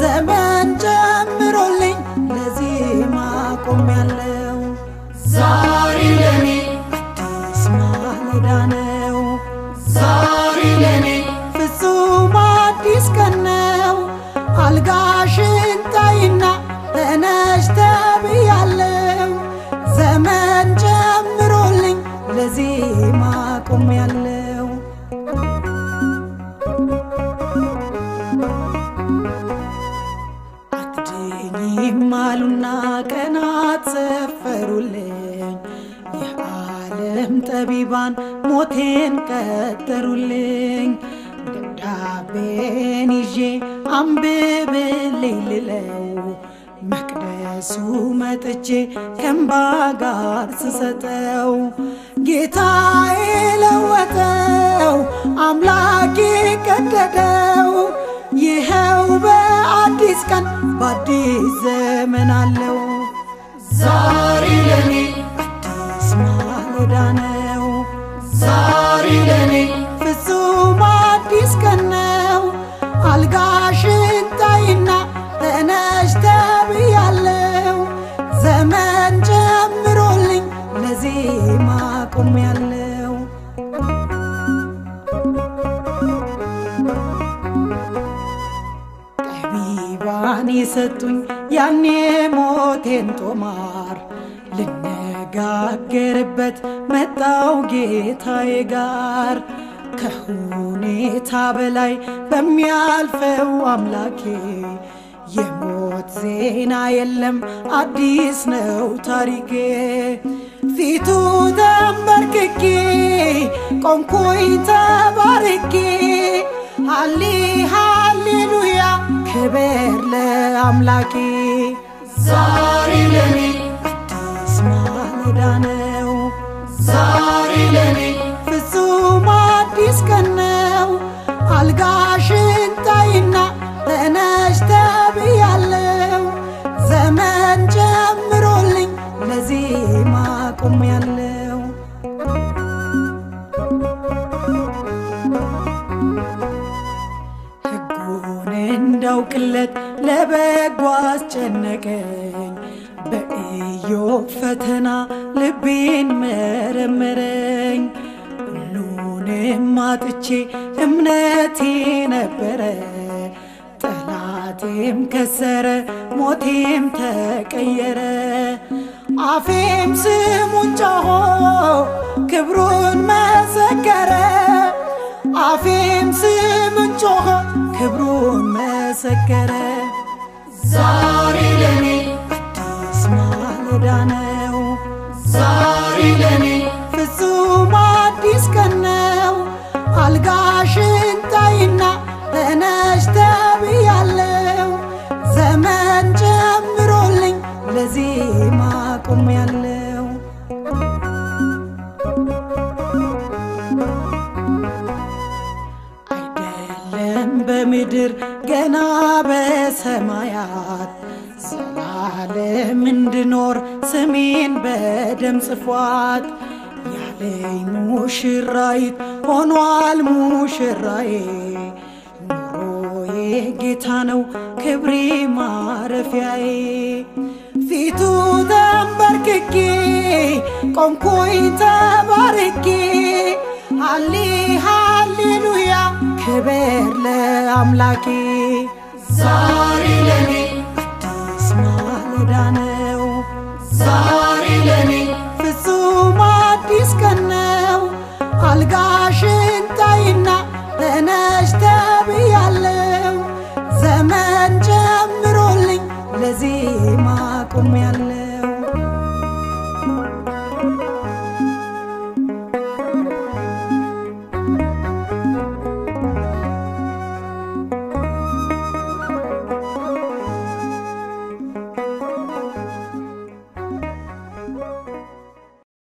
زمان ቀጠሩልኝ የዓለም ጠቢባን ሞቴን ቀጠሩልኝ ደብዳቤን ይዤ አንብብልኝ ልለው መቅደሱ መጥቼ ከእምባ ጋር ስሰጠው ጌታ የለወጠው አምላክ ቀደደው ይኸው በአዲስ ቀን በአዲስ ዘመን አለው ቆም ያለው ጠቢባን የሰጡኝ ያኔ ሞቴን ጦማር ልነጋገርበት መጣው ጌታዬ ጋር ከሁኔታ በላይ በሚያልፈው አምላኬ የሞት ዜና የለም አዲስ ነው ታሪኬ። ፊቱ ተንበርክኬ ቆምኩኝ ተባርኬ፣ ሃሊ ሃሌሉያ ክብር ለአምላኬ። ዛሬ ለኔ አዲስ ማለዳ ነው ዛሬ ለኔ ልቡ አስጨነቀኝ በኢዮብ ፈተና ልቤን መረመረኝ ሁሉንም አጥቼ እምነቴ ነበረ ጠላቴም ከሰረ ሞቴም ተቀየረ አፌም ስሙን ጮሆ ክብሩን መሰከረ አፌም ስሙን ጮሆ ክብሩን መሰከረ ዛሬ ለኔ አዲስ ማለዳ ነው። ዛሬ ለኔ ፍጹም አዲስ ቀን ነው። አልጋሽን ጣይና እነሽ ተብያለው ዘመን ጀምሮልኝ ለዚህ ማቆም ያለ ገና በሰማያት ዘላለም እንድኖር ስሜን በደም ጽፏት ያለኝ ሙሽራይት ሆኗል ሙሽራዬ። ኑሮዬ ጌታ ነው ክብሬ ማረፊያዬ። ፊቱ ተንበርክኬ ቆምኩኝ ተባርኬ ሃሌ ሃሌሉያ ክብር ለአምላኬ ዛሬ ለኔ አዲስ ማለዳ ነው። ዛሬ ለኔ ፍጹም አዲስ ቀን ነው። አልጋሽን ጣይና ተነሽ ተብያለው። ዘመን ጀምሮልኝ ለዚህ ማቆም ያለው